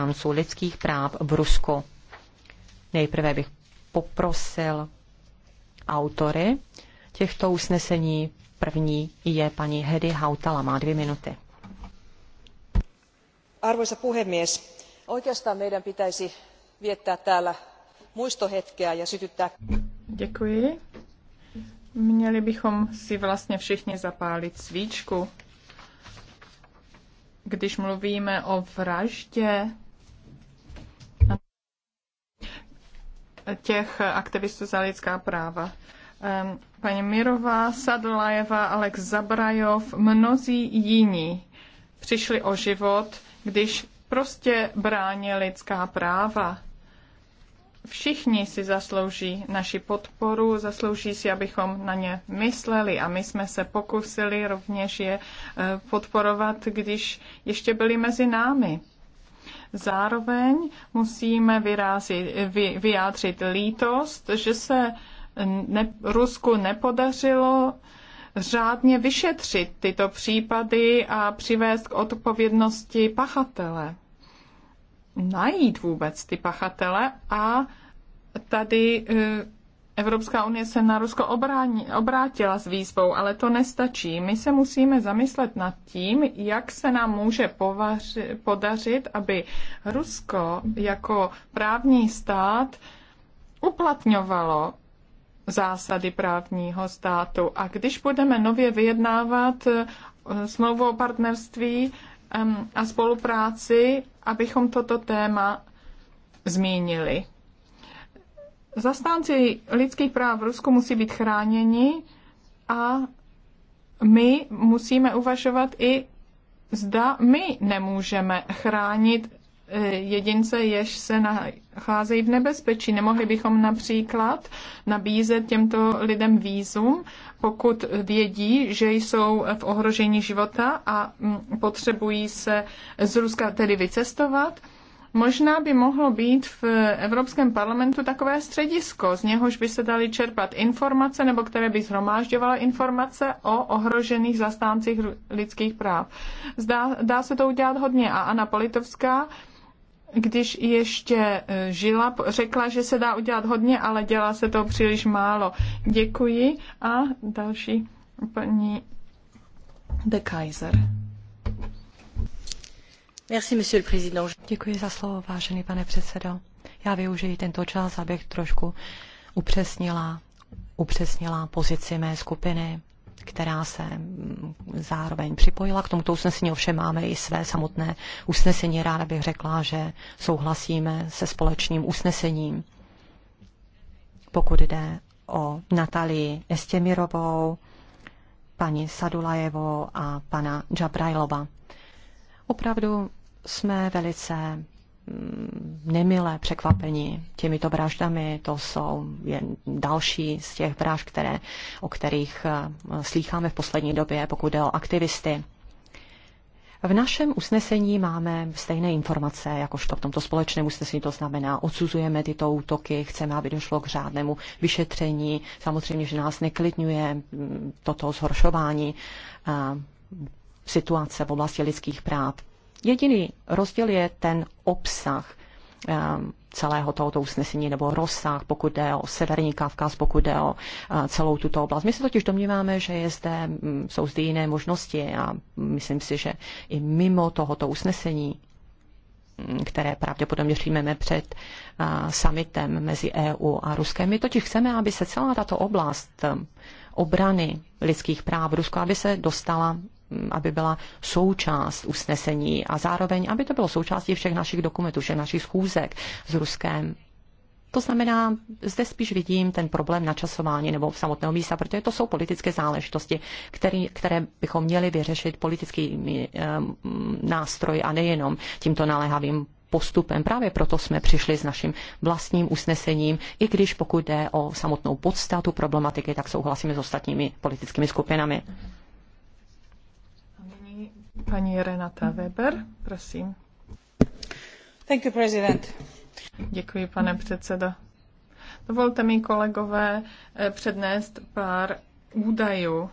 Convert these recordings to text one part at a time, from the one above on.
ochránců lidských práv v Rusku. Nejprve bych poprosil autory těchto usnesení. První je paní Hedy Hautala, má dvě minuty. Arvoisa puhemies, oikeastaan meidän pitäisi viettää täällä muistohetkeä ja sytyttää... Děkuji. Měli bychom si vlastně všichni zapálit svíčku, když mluvíme o vraždě těch aktivistů za lidská práva. Paní Mirová, Sadlajeva, Alex Zabrajov, mnozí jiní přišli o život, když prostě brání lidská práva. Všichni si zaslouží naši podporu, zaslouží si, abychom na ně mysleli a my jsme se pokusili rovněž je eh, podporovat, když ještě byli mezi námi. Zároveň musíme vyrazit, vy, vyjádřit lítost, že se ne, Rusku nepodařilo řádně vyšetřit tyto případy a přivést k odpovědnosti pachatele. Najít vůbec ty pachatele a tady eh, Evropská unie se na Rusko obrání, obrátila s výzvou, ale to nestačí. My se musíme zamyslet nad tím, jak se nám může povaři, podařit, aby Rusko jako právní stát uplatňovalo zásady právního státu. A když budeme nově vyjednávat eh, smlouvu o partnerství a spolupráci, abychom toto téma zmínili Zastánci lidských práv v Rusku musí být chráněni a my musíme uvažovat i, zda my nemůžeme chránit eh, jedince, jež se nacházejí v nebezpečí. Nemohli bychom například nabízet těmto lidem výzum, pokud vědí, že jsou v ohrožení života a mm, potřebují se z Ruska tedy vycestovat. Možná by mohlo být v Evropském parlamentu takové středisko, z něhož by se daly čerpat informace nebo které by zhromážďovalo informace o ohrožených zastáncích lidských práv. Zdá, dá se to udělat hodně a Anna Politovská když ještě e, žila, řekla, že se dá udělat hodně, ale dělá se to příliš málo. Děkuji a další paní De Kaiser za slovo, vážený pane předsedající. Já využiji tento čas, abych trošku upřesnila, upřesnila pozici mé skupiny, která se mm, zároveň připojila k tomuto usnesení. Ovšem máme i své samotné usnesení. Ráda bych řekla, že souhlasíme se společným usnesením, pokud jde o Natalii Estemirovou, paní Sadulajevou a pana Džabrajlova. Opravdu jsme velice mm, nemilé překvapení těmito vraždami. To jsou jen další z těch vražd, které, o kterých eh, slýcháme v poslední době, pokud jde o aktivisty. V našem usnesení máme stejné informace, jakožto v tomto společném usnesení, to znamená, odsuzujeme tyto útoky, chceme, aby došlo k řádnému vyšetření. Samozřejmě, že nás neklidňuje mm, toto zhoršování eh, situace v oblasti lidských práv Jediný rozdíl je ten obsah eh, celého tohoto usnesení nebo rozsah, pokud jde o Severní Kavkaz, pokud jde o eh, celou tuto oblast. My se totiž domníváme, že je zde, mm, jsou zde jiné možnosti a myslím si, že i mimo tohoto usnesení mm, které pravděpodobně přijmeme před eh, summitem mezi EU a Ruskem. My totiž chceme, aby se celá tato oblast obrany lidských práv Ruska, aby se dostala aby byla součást usnesení a zároveň, aby to bylo součástí všech našich dokumentů, všech našich schůzek s Ruskem. To znamená, zde spíš vidím ten problém načasování nebo v samotného místa, protože to jsou politické záležitosti, který, které bychom měli vyřešit politickými um, nástroji a nejenom tímto naléhavým postupem. Právě proto jsme přišli s naším vlastním usnesením, i když pokud jde o samotnou podstatu problematiky, tak souhlasíme s ostatními politickými skupinami. Paní Renata Weber, prosím. Thank you, president. Děkuji, pane předsedo. Dovolte mi, kolegové, eh, přednést pár údajů.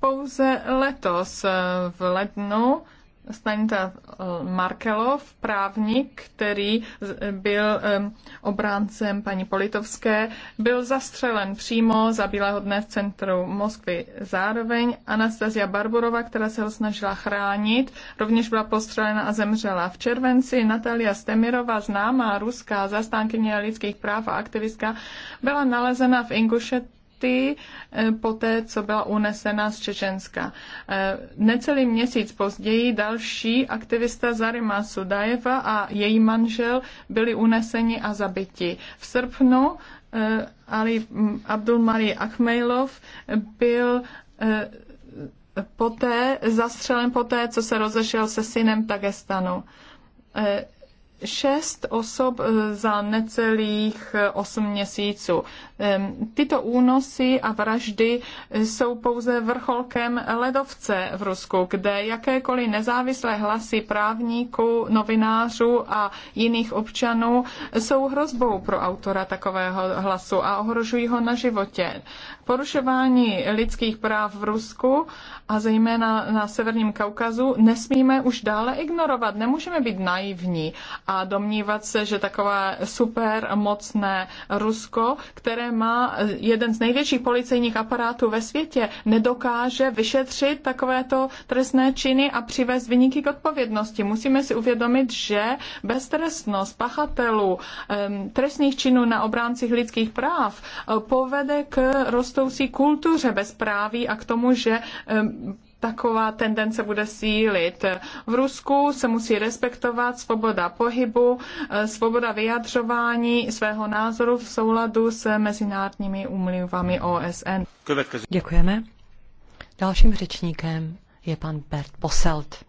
Pouze letos eh, v lednu Stanita eh, Markelov, právník, který eh, byl eh, obráncem paní Politovské, byl zastřelen přímo za bílého dne v centru Moskvy. Zároveň Anastasia Barborova, která se ho snažila chránit, rovněž byla postřelena a zemřela. V červenci Natalia Stemirova, známá ruská zastánkyně lidských práv a aktivistka, byla nalezena v Ingušetě lety eh, po té, co byla unesena z Čečenska. Eh, necelý měsíc později další aktivista Zarima Sudajeva a její manžel byli uneseni a zabiti. V srpnu eh, Ali Abdulmari Akhmejlov byl poté zastřelen poté, co se rozešel se synem Tagestanu šest osob eh, za necelých eh, osm měsíců. Ehm, tyto únosy a vraždy eh, jsou pouze vrcholkem ledovce v Rusku, kde jakékoliv nezávislé hlasy právníků, novinářů a jiných občanů jsou hrozbou pro autora takového hlasu a ohrožují ho na životě. Porušování lidských práv v Rusku a zejména na Severním Kaukazu nesmíme už dále ignorovat. Nemůžeme být naivní a domnívat se, že takové super mocné Rusko, které má jeden z největších policejních aparátů ve světě, nedokáže vyšetřit takovéto trestné činy a přivést vyniky k odpovědnosti. Musíme si uvědomit, že beztrestnost pachatelů trestných činů na obráncích lidských práv eh, povede k rostoucí kultuře bezpráví a k tomu, že taková tendence bude sílit. V Rusku se musí respektovat svoboda pohybu, eh, svoboda vyjadřování svého názoru v souladu s mezinárodními úmluvami OSN. Děkujeme. Dalším řečníkem je pan Bert Poselt.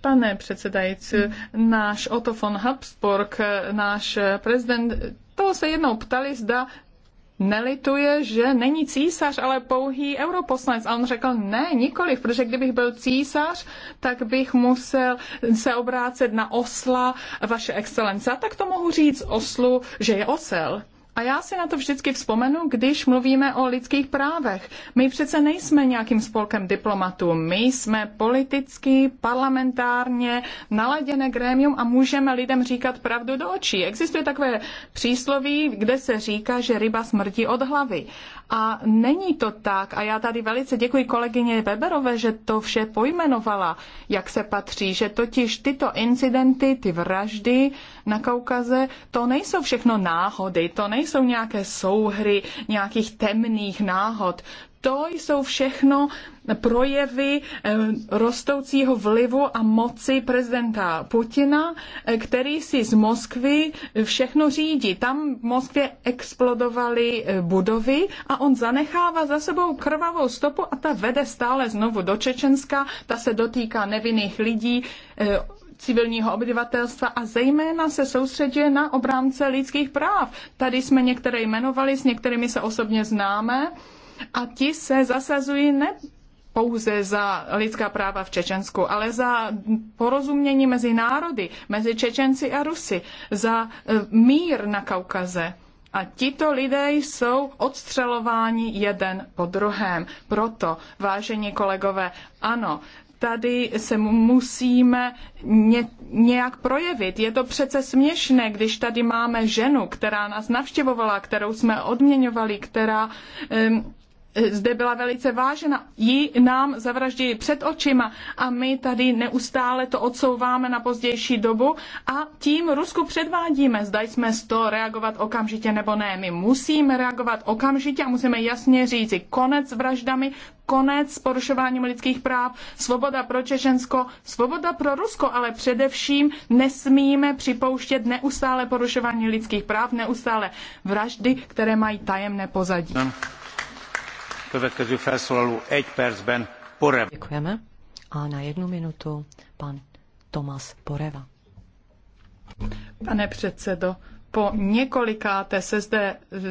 Pane předsedající, náš Otto von Habsburg, náš prezident, toho se jednou ptali, zda nelituje, že není císař, ale pouhý europoslanec. A on řekl, ne, nikoliv, protože kdybych byl císař, tak bych musel se obrácet na osla vaše excelence. A tak to mohu říct oslu, že je osel. A já si na to vždycky vzpomenu, když mluvíme o lidských právech. My přece nejsme nějakým spolkem diplomatů. My jsme politicky, parlamentárně naladěné grémium a můžeme lidem říkat pravdu do očí. Existuje takové přísloví, kde se říká, že ryba smrdí od hlavy. A není to tak. A já tady velice děkuji kolegyně Weberové, že to vše pojmenovala, jak se patří, že totiž tyto incidenty, ty vraždy na Kaukaze, to nejsou všechno náhody, to nejsou nejsou nějaké souhry nějakých temných náhod. To jsou všechno projevy eh, rostoucího vlivu a moci prezidenta Putina, eh, který si z Moskvy všechno řídí. Tam v Moskvě explodovaly eh, budovy a on zanechává za sebou krvavou stopu a ta vede stále znovu do Čečenska, ta se dotýká nevinných lidí, civilního obyvatelstva a zejména se soustředuje na obránce lidských práv. Tady jsme některé jmenovali, s některými se osobně známe a ti se zasazují ne pouze za lidská práva v Čečensku, ale za porozumění mezi národy, mezi Čečenci a Rusy, za e, mír na Kaukaze. A tito lidé jsou odstřelováni jeden po druhém. Proto, vážení kolegové, ano, tady se musíme nějak projevit. Je to přece směšné, když tady máme ženu, která nás navštěvovala, kterou jsme odměňovali, která zde byla velice vážena. Ji nám zavraždili před očima a my tady neustále to odsouváme na pozdější dobu a tím Rusku předvádíme, zda jsme z toho reagovat okamžitě nebo ne. My musíme reagovat okamžitě a musíme jasně říci konec s vraždami, konec s porušováním lidských práv, svoboda pro Čečensko, svoboda pro Rusko, ale především nesmíme připouštět neustále porušování lidských práv, neustále vraždy, které mají tajemné pozadí. Következő felszólaló egy Děkujeme. A na jednu minutu pan Tomas Poreva. Pane předsedo, po několikáté se zde eh,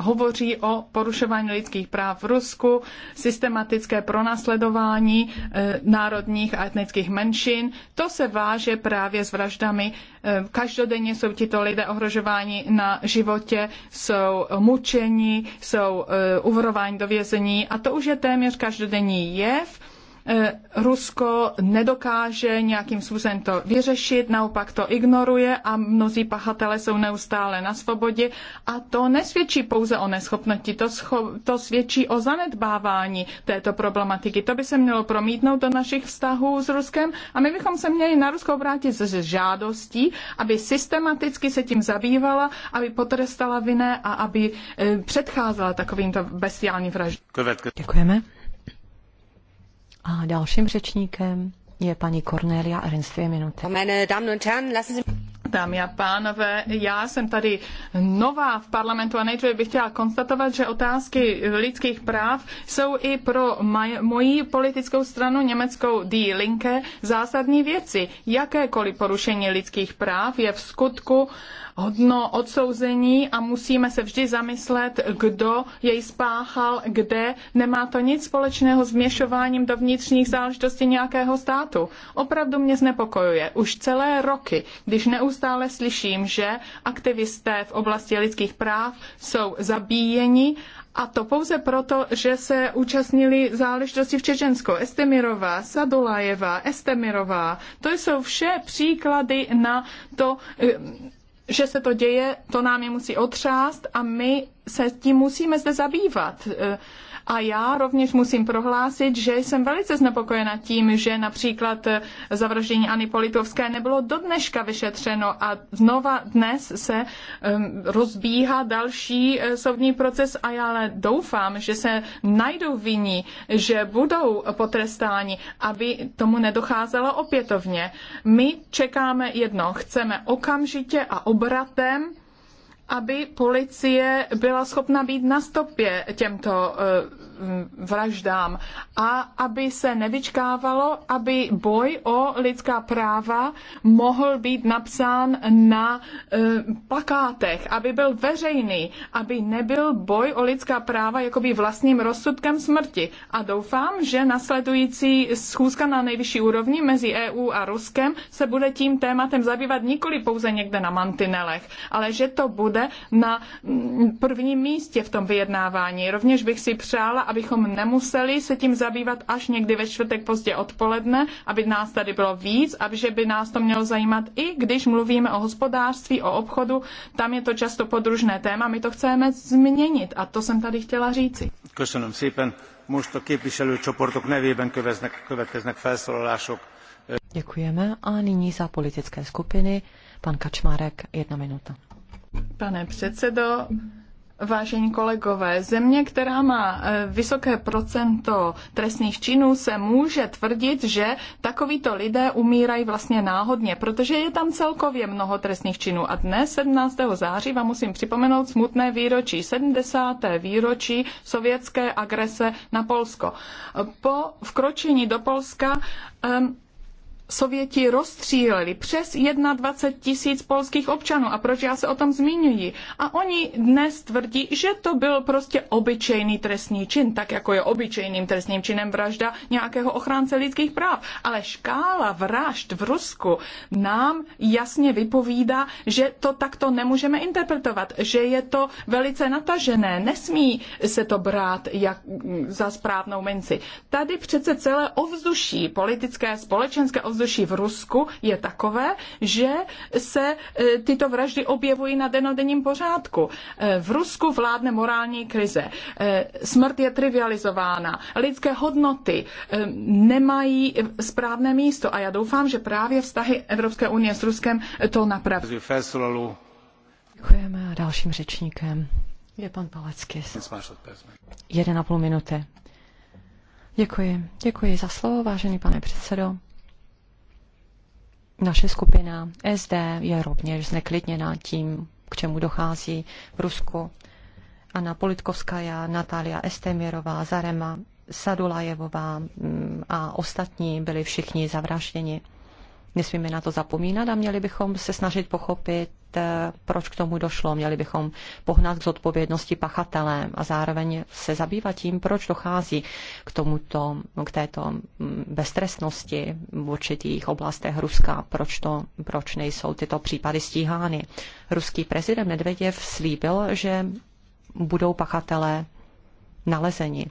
hovoří o porušování lidských práv v Rusku, systematické pronásledování eh, národních a etnických menšin. To se váže právě s vraždami. Eh, každodenně jsou tito lidé ohrožováni na životě, jsou mučeni, jsou eh, uvrováni do vězení a to už je téměř každodenní jev E, Rusko nedokáže nějakým způsobem to vyřešit, naopak to ignoruje a mnozí pachatelé jsou neustále na svobodě a to nesvědčí pouze o neschopnosti, to, to svědčí o zanedbávání této problematiky. To by se mělo promítnout do našich vztahů s Ruskem a my bychom se měli na Rusko obrátit s žádostí, aby systematicky se tím zabývala, aby potrestala vinné a aby e, předcházela takovýmto bestiálním vraždám. Děkujeme. A dalším řečníkem je paní Cornelia Ernst, dvě minuty. Dámy a pánové, já jsem tady nová v parlamentu a nejdříve bych chtěla konstatovat, že otázky lidských práv jsou i pro maj, moji politickou stranu německou Die Linke zásadní věci. Jakékoliv porušení lidských práv je v skutku hodno odsouzení a musíme se vždy zamyslet, kdo jej spáchal, kde. Nemá to nic společného s měšováním do vnitřních záležitostí nějakého státu. Opravdu mě znepokojuje už celé roky, když neustále slyším, že aktivisté v oblasti lidských práv jsou zabíjeni a to pouze proto, že se účastnili záležitosti v Čečensku. Estemirová, Sadolajeva, Estemirová. To jsou vše příklady na to, eh, že se to děje, to nám je musí otřást a my se tím musíme zde zabývat. Eh, a já rovněž musím prohlásit, že jsem velice znepokojena tím, že například zavraždění Ani Politovské nebylo do dneška vyšetřeno a znova dnes se um, rozbíhá další e, soudní proces a já ale doufám, že se najdou viní, že budou potrestáni, aby tomu nedocházelo opětovně. My čekáme jedno, chceme okamžitě a obratem aby policie byla schopna být na stopě těmto e, vraždám a aby se nevyčkávalo, aby boj o lidská práva mohl být napsán na eh, plakátech, aby byl veřejný, aby nebyl boj o lidská práva jakoby vlastním rozsudkem smrti. A doufám, že nasledující schůzka na nejvyšší úrovni mezi EU a Ruskem se bude tím tématem zabývat nikoli pouze někde na mantinelech, ale že to bude na mm, prvním místě v tom vyjednávání. Rovněž bych si přála, abychom nemuseli se tím zabývat až někdy ve čtvrtek pozdě odpoledne, aby nás tady bylo víc, aby že by nás to mělo zajímat i když mluvíme o hospodářství, o obchodu, tam je to často podružné téma, my to chceme změnit a to jsem tady chtěla říci. Köszönöm szépen. Most a képviselőcsoportok nevében köveznek, következnek felszólalások. Děkujeme a nyní za politické skupiny pan Kačmárek jedna minuta. Pane předsedo, Vážení kolegové, země, která má e, vysoké procento trestných činů, se může tvrdit, že takovýto lidé umírají vlastně náhodně, protože je tam celkově mnoho trestných činů. A dnes, 17. září, vám musím připomenout smutné výročí, 70. výročí sovětské agrese na Polsko. E, po vkročení do Polska um, Sověti rozstříleli přes 21 tisíc polských občanů. A proč já se o tom zmiňuji? A oni dnes tvrdí, že to byl prostě obyčejný trestný čin, tak jako je obyčejným trestným činem vražda nějakého ochránce lidských práv. Ale škála vražd v Rusku nám jasně vypovídá, že to takto nemůžeme interpretovat, že je to velice natažené, nesmí se to brát jak, mm, za správnou minci. Tady přece celé ovzduší politické, společenské ovzduší ovzduší v Rusku je takové, že se e, tyto vraždy objevují na denodenním pořádku. E, v Rusku vládne morální krize. E, smrt je trivializována. Lidské hodnoty nemají správné místo a já doufám, že právě vztahy Evropské unie s Ruskem to napraví. Děkujeme a dalším řečníkem je pan Palecký. Jeden a půl minuty. Děkuji. Děkuji za slovo, vážený pane předsedo. Naše skupina SD je rovněž zneklidněna tím, k čemu dochází v Rusku. Anna Politkovská, Natália Estemirová, Zarema, Sadulajevová mm, a ostatní byli všichni zavražděni. Nesmíme na to zapomínat a měli bychom se snažit pochopit Eh, proč k tomu došlo. Měli bychom pohnat k zodpovědnosti pachatele a zároveň se zabývat tím, proč dochází k tomuto, k této mm, beztrestnosti v určitých oblastech Ruska, proč, to, proč nejsou tyto případy stíhány. Ruský prezident Medvedev slíbil, že budou pachatelé nalezeni.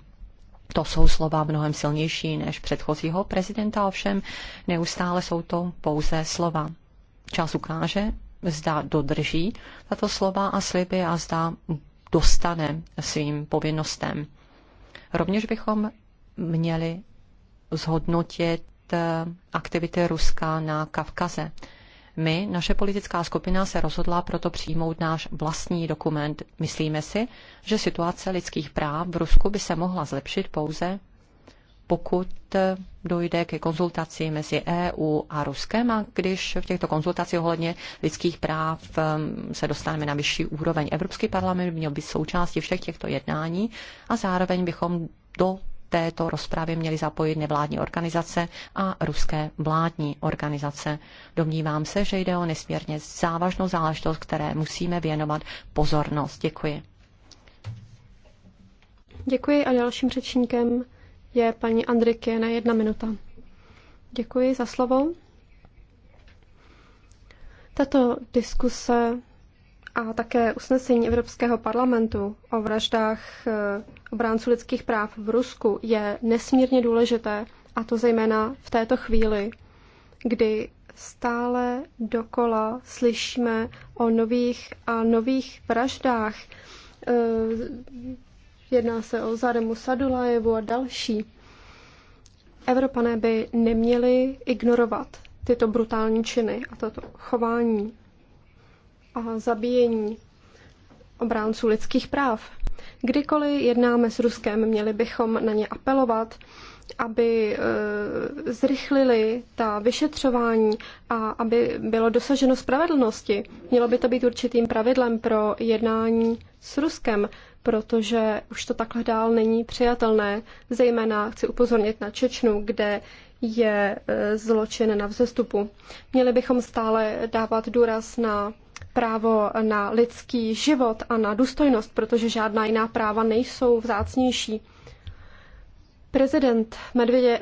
To jsou slova mnohem silnější než předchozího prezidenta, ovšem neustále jsou to pouze slova. Čas ukáže, zda dodrží tato slova a sliby a zda dostane svým povinnostem. Rovněž bychom měli zhodnotit eh, aktivity Ruska na Kavkaze. My, naše politická skupina, se rozhodla proto přijmout náš vlastní dokument. Myslíme si, že situace lidských práv v Rusku by se mohla zlepšit pouze pokud dojde ke konzultaci mezi EU a Ruskem a když v těchto konzultacích ohledně lidských práv um, se dostaneme na vyšší úroveň. Evropský parlament měl být součástí všech těchto jednání a zároveň bychom do této rozpravy měly zapojit nevládní organizace a ruské vládní organizace. Domnívám se, že jde o nesmírně závažnou záležitost, které musíme věnovat pozornost. Děkuji. Děkuji a dalším řečníkem je paní Andriky na jedna minuta. Děkuji za slovo. Tato diskuse a také usnesení Evropského parlamentu o vraždách eh, obránců lidských práv v Rusku je nesmírně důležité, a to zejména v této chvíli, kdy stále dokola slyšíme o nových a nových vraždách eh, Jedná se o Zaremu Sadulajevu a další. Evropané by neměli ignorovat tyto brutální činy a toto chování a zabíjení obránců lidských práv. Kdykoliv jednáme s Ruskem, měli bychom na ně apelovat, aby eh, zrychlili ta vyšetřování a aby bylo dosaženo spravedlnosti. Mělo by to být určitým pravidlem pro jednání s Ruskem protože už to takhle dál není přijatelné. Zejména chci upozornit na Čečnu, kde je e, zločin na vzestupu. Měli bychom stále dávat důraz na právo na lidský život a na důstojnost, protože žádná jiná práva nejsou vzácnější. Prezident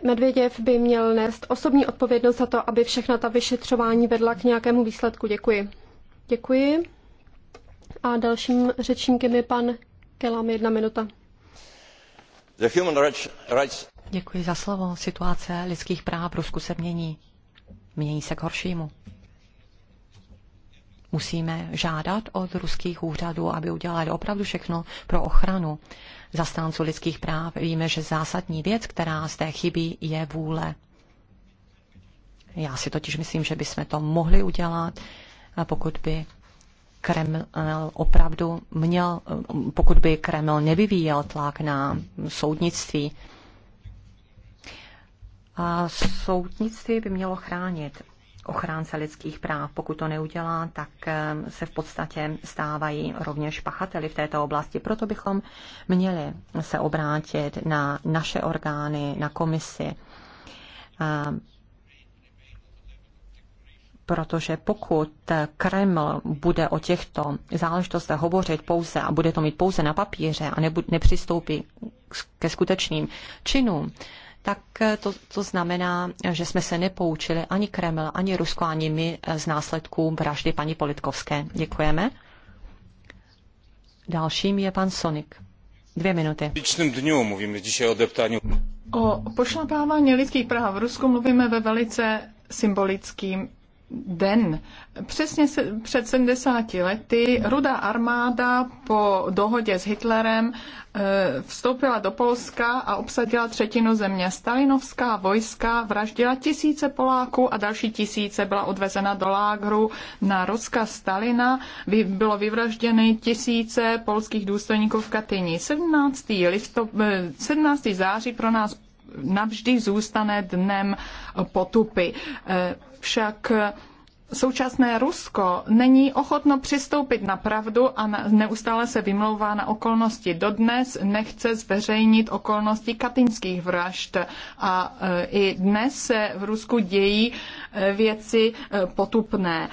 Medvěděv by měl nést osobní odpovědnost za to, aby všechna ta vyšetřování vedla k nějakému výsledku. Děkuji. Děkuji. A dalším řečníkem je pan Kelám jedna minuta. The human rights. Děkuji za slovo. Situace lidských práv v Rusku se mění. Mění se k horšímu. Musíme žádat od ruských úřadů, aby udělali opravdu všechno pro ochranu zastánců lidských práv. Víme, že zásadní věc, která zde chybí, je vůle. Já si totiž myslím, že bychom to mohli udělat, pokud by Kreml opravdu měl, pokud by Kreml nevyvíjel tlak na soudnictví, a soudnictví by mělo chránit ochránce lidských práv. Pokud to neudělá, tak eh, se v podstatě stávají rovněž pachateli v této oblasti. Proto bychom měli se obrátit na naše orgány, na komisi, eh, protože pokud Kreml bude o těchto záležitostech hovořit pouze a bude to mít pouze na papíře a nepřistoupí ke skutečným činům, tak to, to znamená, že jsme se nepoučili ani Kreml, ani Rusko, ani my z následků vraždy paní Politkovské. Děkujeme. Dalším je pan Sonik. Dvě minuty. dňu mluvíme dnes o deptaniu. O pošlapávání lidských práv v Rusku mluvíme ve velice symbolickým den. Přesně se, před 70 lety rudá armáda po dohodě s Hitlerem eh, vstoupila do Polska a obsadila třetinu země. Stalinovská vojska vraždila tisíce Poláků a další tisíce byla odvezena do lágru na Ruska Stalina. Bylo vyvražděny tisíce polských důstojníků v Katyni. 17. Listop, 17. Eh, září pro nás navždy zůstane dnem potupy. Však Současné Rusko není ochotno přistoupit na pravdu a neustále se vymlouvá na okolnosti. Dodnes nechce zveřejnit okolnosti katinských vražd a e, i dnes se v Rusku dějí e, věci e, potupné.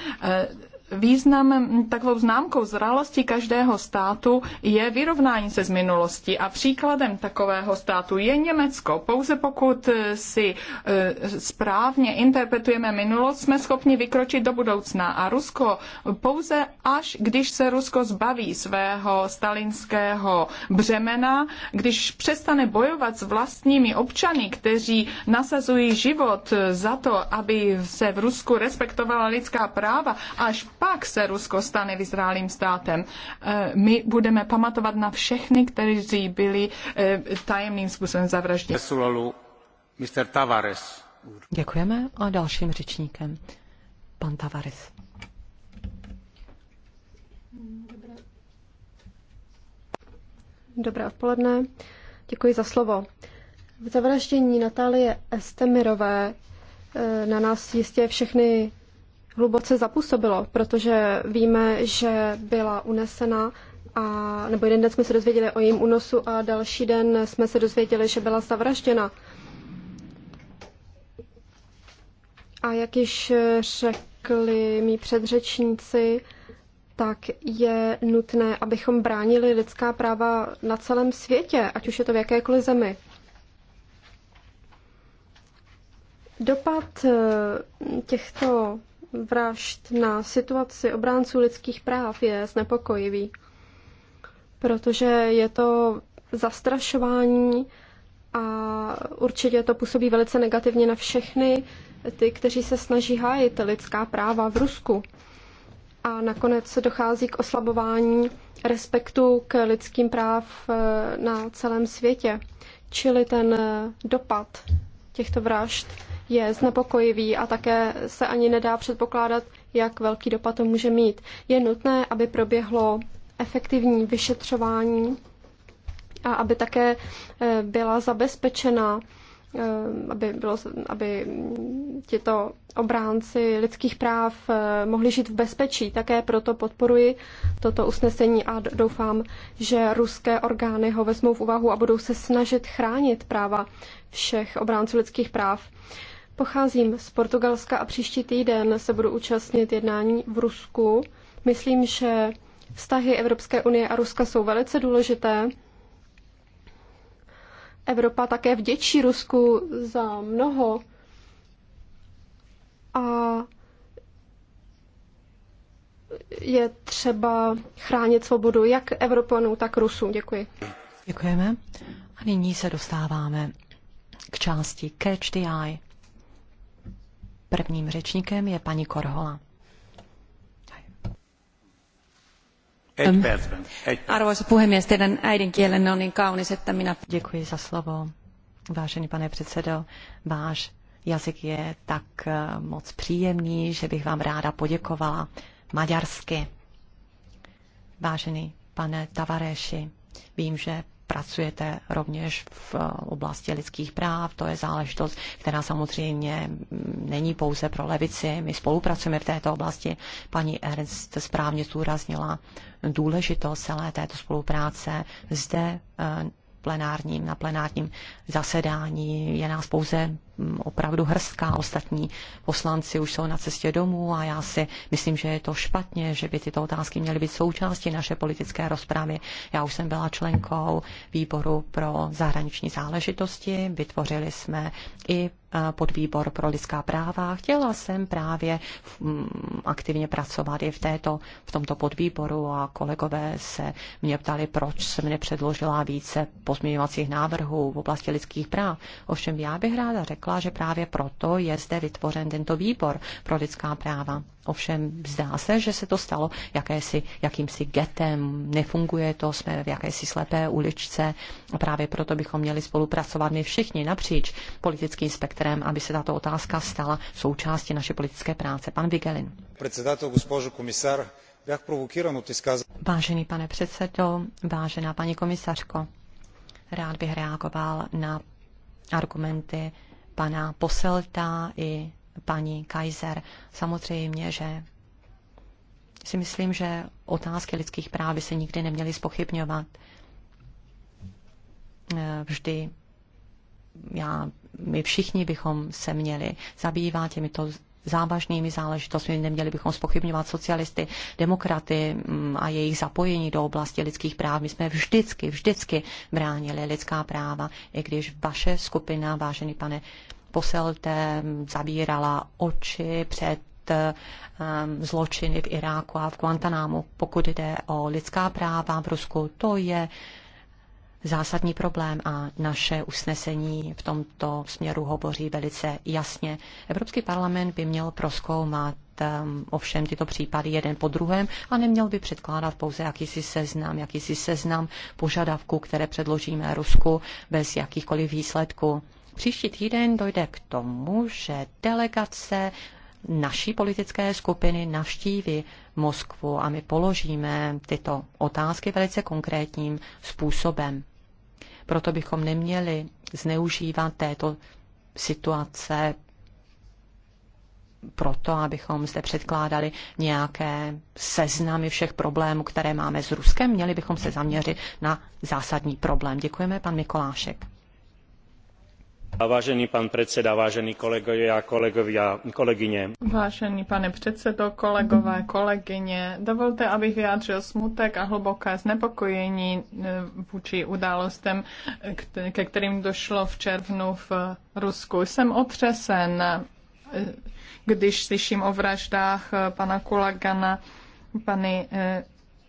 Význam takovou známkou zralosti každého státu je vyrovnání se z minulosti a příkladem takového státu je Německo. Pouze pokud eh, si eh, správně interpretujeme minulost, jsme schopni vykročit do budoucna a Rusko pouze až, když se Rusko zbaví svého stalinského břemena, když přestane bojovat s vlastními občany, kteří nasazují život za to, aby se v Rusku respektovala lidská práva, až pak se Rusko stane vyzrálým státem. E, my budeme pamatovat na všechny, kteří byli e, tajemným způsobem zavražděni. Tavares. Děkujeme a dalším řečníkem pan Tavares. Dobré odpoledne. Děkuji za slovo. V zavraždění Natálie Estemirové e, na nás jistě všechny hluboce zapůsobilo, protože víme, že byla unesena a, nebo jeden den jsme se dozvěděli o jejím únosu a další den jsme se dozvěděli, že byla zavražděna. A jak již řekli mý předřečníci, tak je nutné, abychom bránili lidská práva na celém světě, ať už je to v jakékoliv zemi. Dopad eh, těchto vražd na situaci obránců lidských práv je znepokojivý, protože je to zastrašování a určitě to působí velice negativně na všechny ty, kteří se snaží hájit lidská práva v Rusku. A nakonec dochází k oslabování respektu k lidským práv eh, na celém světě. Čili ten eh, dopad těchto vražd je znepokojivý a také se ani nedá předpokládat, jak velký dopad to může mít. Je nutné, aby proběhlo efektivní vyšetřování a aby také eh, byla zabezpečena eh, aby, bylo, aby tito obránci lidských práv eh, mohli žít v bezpečí. Také proto podporuji toto usnesení a doufám, že ruské orgány ho vezmou v úvahu a budou se snažit chránit práva všech obránců lidských práv. Pocházím z Portugalska a příští týden se budu účastnit jednání v Rusku. Myslím, že vztahy Evropské unie a Ruska jsou velice důležité. Evropa také vděčí Rusku za mnoho a je třeba chránit svobodu jak Evropanů, tak Rusů. Děkuji. Děkujeme. A nyní se dostáváme k části Catch the Eye. Prvním řečníkem je paní Korhola. Arvoisa puhemies, teidän äidinkielenne on niin kaunis, että minä... Děkuji za slovo. Vážený pane předsedo, váš jazyk je tak eh, moc příjemný, že bych vám ráda poděkovala maďarsky. Vážený pane Tavareši, vím, že pracujete rovněž v eh, oblasti lidských práv. To je záležitost, která samozřejmě není pouze pro levici. My spolupracujeme v této oblasti. Paní Ernst správně zúraznila důležitost celé této spolupráce zde eh, plenárním, na plenárním zasedání. Je nás pouze opravdu hrská. Ostatní poslanci už jsou na cestě domů a já si myslím, že je to špatně, že by tyto otázky měly být součástí naše politické rozpravy. Já už jsem byla členkou výboru pro zahraniční záležitosti, vytvořili jsme i eh, podvýbor pro lidská práva. Chtěla jsem právě mm, aktivně pracovat i v, této, v tomto podvýboru a kolegové se mě ptali, proč jsem nepředložila více pozměňovacích návrhů v oblasti lidských práv. Ovšem já bych ráda řekla, řekla, že právě proto je zde vytvořen tento výbor pro lidská práva. Ovšem zdá se, že se to stalo jakési, jakýmsi getem, nefunguje to, jsme v jakési slepé uličce a právě proto bychom měli spolupracovat my všichni napříč politickým spektrem, aby se tato otázka stala součástí naší politické práce. Pan Vigelin. Vážený pane předsedo, vážená paní komisařko, rád bych reagoval na argumenty pana Poselta i paní Kaiser. Samozřejmě, že si myslím, že otázky lidských práv by se nikdy neměly spochybňovat. Eh, vždy já, my všichni bychom se měli zabývat těmito závažnými záležitostmi. Neměli bychom spochybňovat socialisty, demokraty mm, a jejich zapojení do oblasti lidských práv. My jsme vždycky, vždycky bránili lidská práva, i když vaše skupina, vážený pane poselte, zabírala oči před ehm, zločiny v Iráku a v Guantanámu. Pokud jde o lidská práva v Rusku, to je zásadní problém a naše usnesení v tomto směru hovoří velice jasně. Evropský parlament by měl proskoumat ehm, ovšem tyto případy jeden po druhém a neměl by předkládat pouze jakýsi seznam, jakýsi seznam požadavků, které předložíme Rusku bez jakýchkoliv výsledků. Příští týden dojde k tomu, že delegace naší politické skupiny navštíví Moskvu a my položíme tyto otázky velice konkrétním způsobem. Proto bychom neměli zneužívat této situace proto, abychom zde předkládali nějaké seznamy všech problémů, které máme s Ruskem. Měli bychom se zaměřit na zásadní problém. Děkujeme, pan Mikolášek. Vážený pan předseda, vážení kolegovia, a kolegyně. Vážený pane předsedo, kolegové, kolegyně, dovolte, abych vyjádřil smutek a hluboké znepokojení e, vůči událostem, ke kterým došlo v červnu v Rusku. Jsem otřesen, e, když slyším o vraždách e, pana Kulagana, pany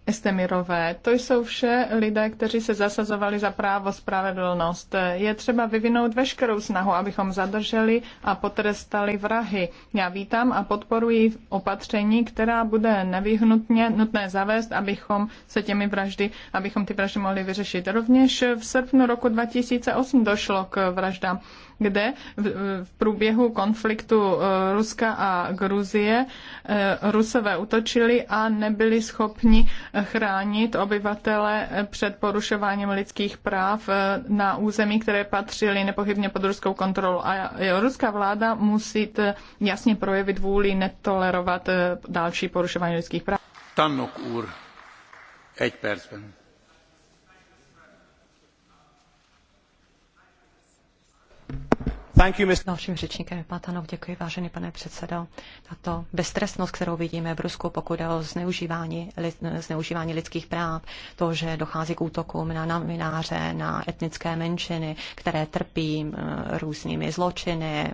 Estemirové. To jsou vše lidé, kteří se zasazovali za právo spravedlnost. Je třeba vyvinout veškerou snahu, abychom zadrželi a potrestali vrahy. Já vítám a podporuji opatření, která bude nevyhnutně nutné zavést, abychom se těmi vraždy, abychom ty vraždy mohli vyřešit. Rovněž v srpnu roku 2008 došlo k vraždám kde v průběhu konfliktu eh, Ruska a Gruzie eh, Rusové utočili a nebyli schopni chránit obyvatele eh, před porušováním lidských práv na území, které patřily nepochybně pod ruskou kontrolu. A ruská vláda musí jasně projevit vůli netolerovat další porušování lidských práv. Tannok úr, egy percben. Dalším řečníkem je Patanov. Děkuji, vážený pane předsedo. Tato beztrestnost, kterou vidíme v Rusku, pokud je o zneužívání, zneužívání lidských práv, to, že dochází k útokům na novináře, na etnické menšiny, které trpí různými zločiny,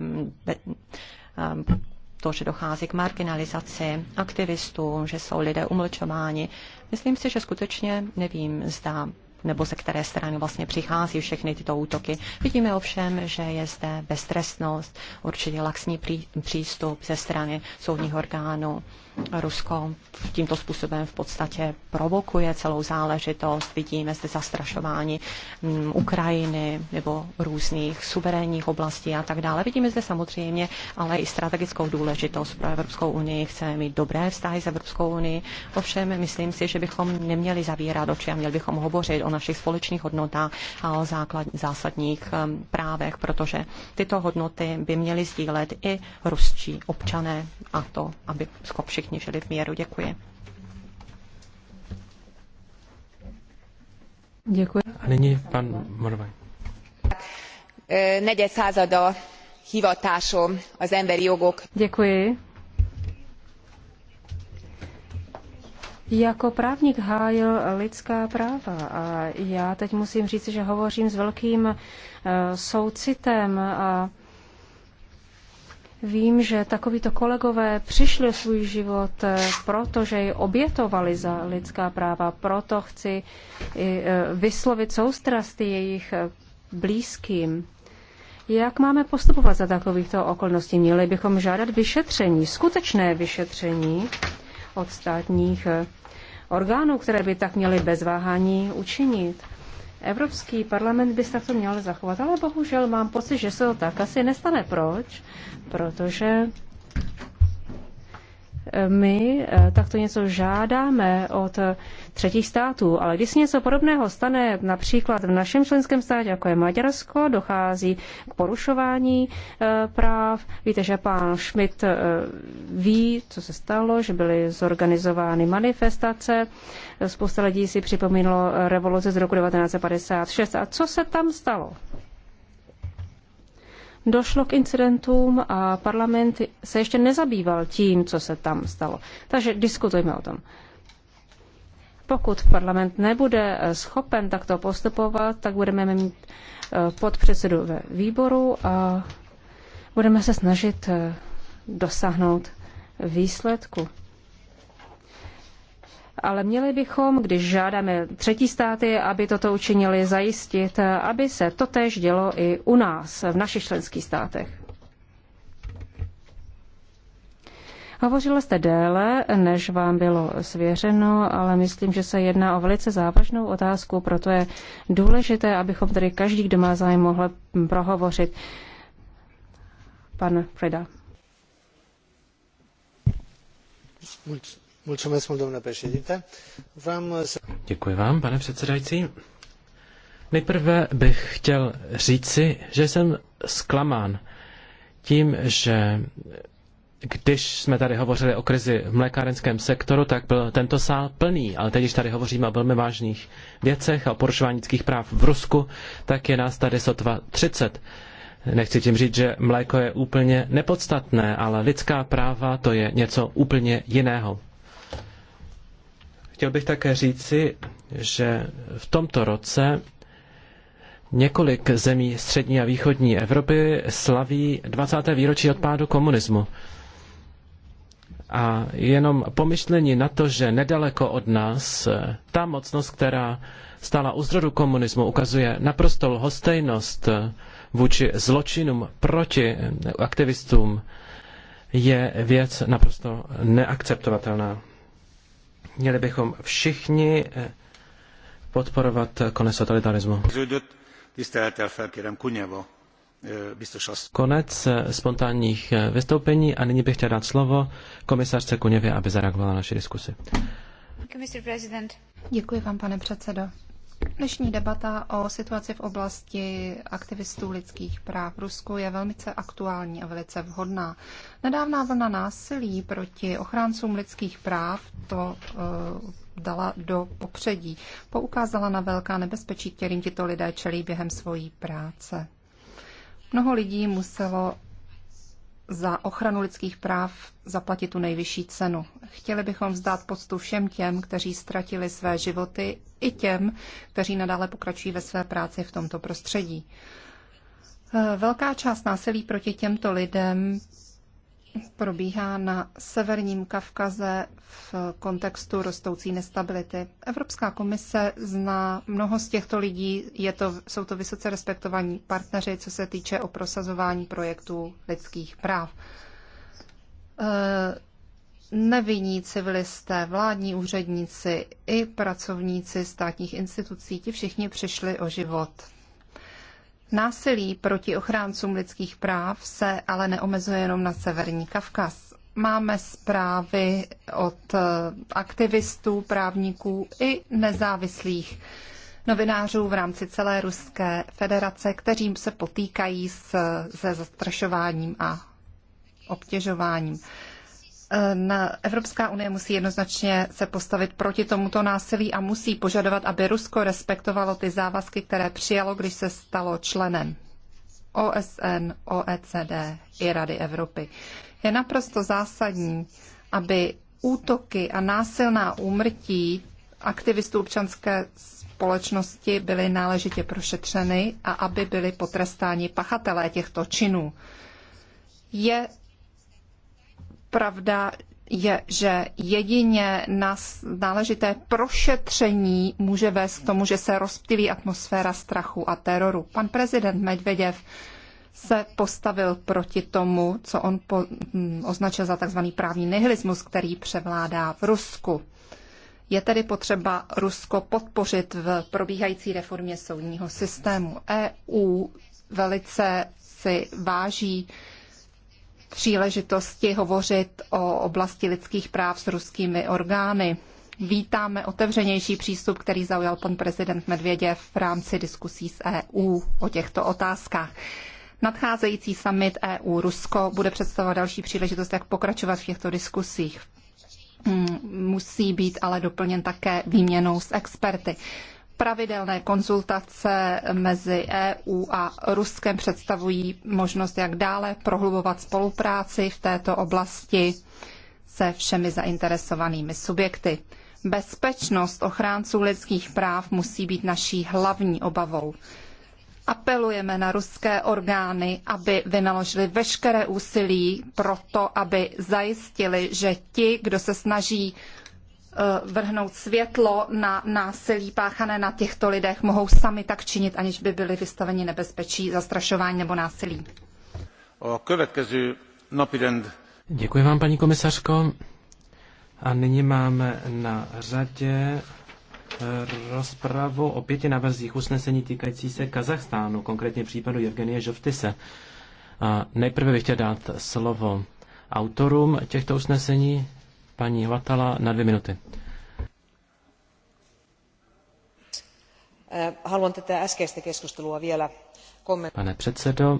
to, že dochází k marginalizaci aktivistů, že jsou lidé umlčováni. Myslím si, že skutečně nevím, zda nebo ze které strany vlastně přichází všechny tyto útoky. Vidíme ovšem, že je zde beztrestnost, určitě laxní přístup ze strany soudních orgánů Rusko tímto způsobem v podstatě provokuje celou záležitost. Vidíme zde zastrašování mm, Ukrajiny nebo různých suverénních oblastí a tak dále. Vidíme zde samozřejmě ale i strategickou důležitost pro Evropskou unii. Chceme mít dobré vztahy s Evropskou unii. Ovšem, myslím si, že bychom neměli zavírat oči a měli bychom hovořit o našich společných hodnotách a o základ, zásadních um, právech, protože tyto hodnoty by měly sdílet i ruští občané a to, aby skopši všichni žili v míru. Děkuji. Děkuji. A nyní pan Morvaj. Negyed százada hivatásom az emberi jogok. Děkuji. Jako právník hájil lidská práva a já teď musím říct, že hovořím s velkým eh, soucitem a Vím, že takovýto kolegové přišli o svůj život, eh, protože ji obětovali za lidská práva. Proto chci eh, vyslovit soustrasty jejich eh, blízkým. Jak máme postupovat za takovýchto okolností? Měli bychom žádat vyšetření, skutečné vyšetření od státních orgánů, které by tak měly bez váhání učinit. Evropský parlament by se takto měl zachovat, ale bohužel mám pocit, že se to tak asi nestane. Proč? Protože my eh, takto něco žádáme od třetích států, ale když se něco podobného stane například v našem členském státě, jako je Maďarsko, dochází k porušování eh, práv. Víte, že pán Schmidt eh, ví, co se stalo, že byly zorganizovány manifestace, spousta lidí si připomínalo revoluce z roku 1956. A co se tam stalo? došlo k incidentům a parlament se ještě nezabýval tím, co se tam stalo. Takže diskutujme o tom. Pokud parlament nebude eh, schopen takto postupovat, tak budeme mít eh, podpředsedu ve výboru a budeme se snažit eh, dosáhnout výsledku ale měli bychom, když žádáme třetí státy, aby toto učinili, zajistit, aby se totéž dělo i u nás, v našich členských státech. Hovořila jste déle, než vám bylo svěřeno, ale myslím, že se jedná o velice závažnou otázku, proto je důležité, abychom tady každý, kdo má zájem, mohl prohovořit. Pan Freda. Děkuji vám, pane předsedající. Nejprve bych chtěl říci, že jsem zklamán tím, že když jsme tady hovořili o krizi v mlékárenském sektoru, tak byl tento sál plný, ale teď, když tady hovoříme o velmi vážných věcech a o porušování lidských práv v Rusku, tak je nás tady sotva 30. Nechci tím říct, že mléko je úplně nepodstatné, ale lidská práva to je něco úplně jiného. Chtěl bych také říci, že v tomto roce několik zemí střední a východní Evropy slaví 20. výročí odpádu komunismu. A jenom pomyšlení na to, že nedaleko od nás ta mocnost, která stála u zrodu komunismu, ukazuje naprosto lhostejnost vůči zločinům proti aktivistům, je věc naprosto neakceptovatelná. Měli bychom všichni eh, podporovat konec totalitarismu. Eh, konec eh, spontánních vystoupení a nyní bych chtěl dát slovo komisařce Kuněvě, aby zareagovala na naši diskusi. Děkuji vám, pane předsedo. Dnešní debata o situaci v oblasti aktivistů lidských práv v Rusku je velmi aktuální a velice vhodná. Nedávná vlna násilí proti ochráncům lidských práv to uh, dala do popředí. Poukázala na velká nebezpečí, kterým tito lidé čelí během svojí práce. Mnoho lidí muselo za ochranu lidských práv zaplatit tu nejvyšší cenu. Chtěli bychom vzdát poctu všem těm, kteří ztratili své životy, i těm, kteří nadále pokračují ve své práci v tomto prostředí. Velká část násilí proti těmto lidem probíhá na severním Kavkaze v kontextu rostoucí nestability. Evropská komise zná mnoho z těchto lidí, je to, jsou to vysoce respektovaní partneři, co se týče o prosazování projektů lidských práv. E, nevinní civilisté, vládní úředníci i pracovníci státních institucí, ti všichni přišli o život. Násilí proti ochráncům lidských práv se ale neomezuje jenom na Severní Kavkaz. Máme zprávy od eh, aktivistů, právníků i nezávislých novinářů v rámci celé Ruské federace, kteří se potýkají s, se zastrašováním a obtěžováním. Eh, na Evropská unie musí jednoznačně se postavit proti tomuto násilí a musí požadovat, aby Rusko respektovalo ty závazky, které přijalo, když se stalo členem OSN, OECD i Rady Evropy. Je naprosto zásadní, aby útoky a násilná úmrtí aktivistů občanské společnosti byly náležitě prošetřeny a aby byly potrestáni pachatelé těchto činů. Je Pravda je, že jedině nás náležité prošetření může vést k tomu, že se rozptýlí atmosféra strachu a teroru. Pan prezident Medveděv se postavil proti tomu, co on po, hm, označil za tzv. právní nihilismus, který převládá v Rusku. Je tedy potřeba Rusko podpořit v probíhající reformě soudního systému. EU velice si váží příležitosti hovořit o oblasti lidských práv s ruskými orgány. Vítáme otevřenější přístup, který zaujal pan prezident Medvěděv v rámci diskusí s EU o těchto otázkách. Nadcházející summit EU-Rusko bude představovat další příležitost, jak pokračovat v těchto diskusích. Hmm, musí být ale doplněn také výměnou s experty pravidelné konzultace mezi EU a Ruskem představují možnost, jak dále prohlubovat spolupráci v této oblasti se všemi zainteresovanými subjekty. Bezpečnost ochránců lidských práv musí být naší hlavní obavou. Apelujeme na ruské orgány, aby vynaložili veškeré úsilí pro to, aby zajistili, že ti, kdo se snaží Eh, vrhnout světlo na násilí páchané na těchto lidech, mohou sami tak činit, aniž by byli vystaveni nebezpečí, zastrašování nebo násilí. Děkuji vám, paní komisařko. A nyní máme na řadě eh, rozpravu o pěti návrzích usnesení týkající se Kazachstánu, konkrétně případu Evgenie Žovtise. A nejprve bych chtěl dát slovo autorům těchto usnesení, paní Vatala na dvě minuty. Eh, Pane předsedo,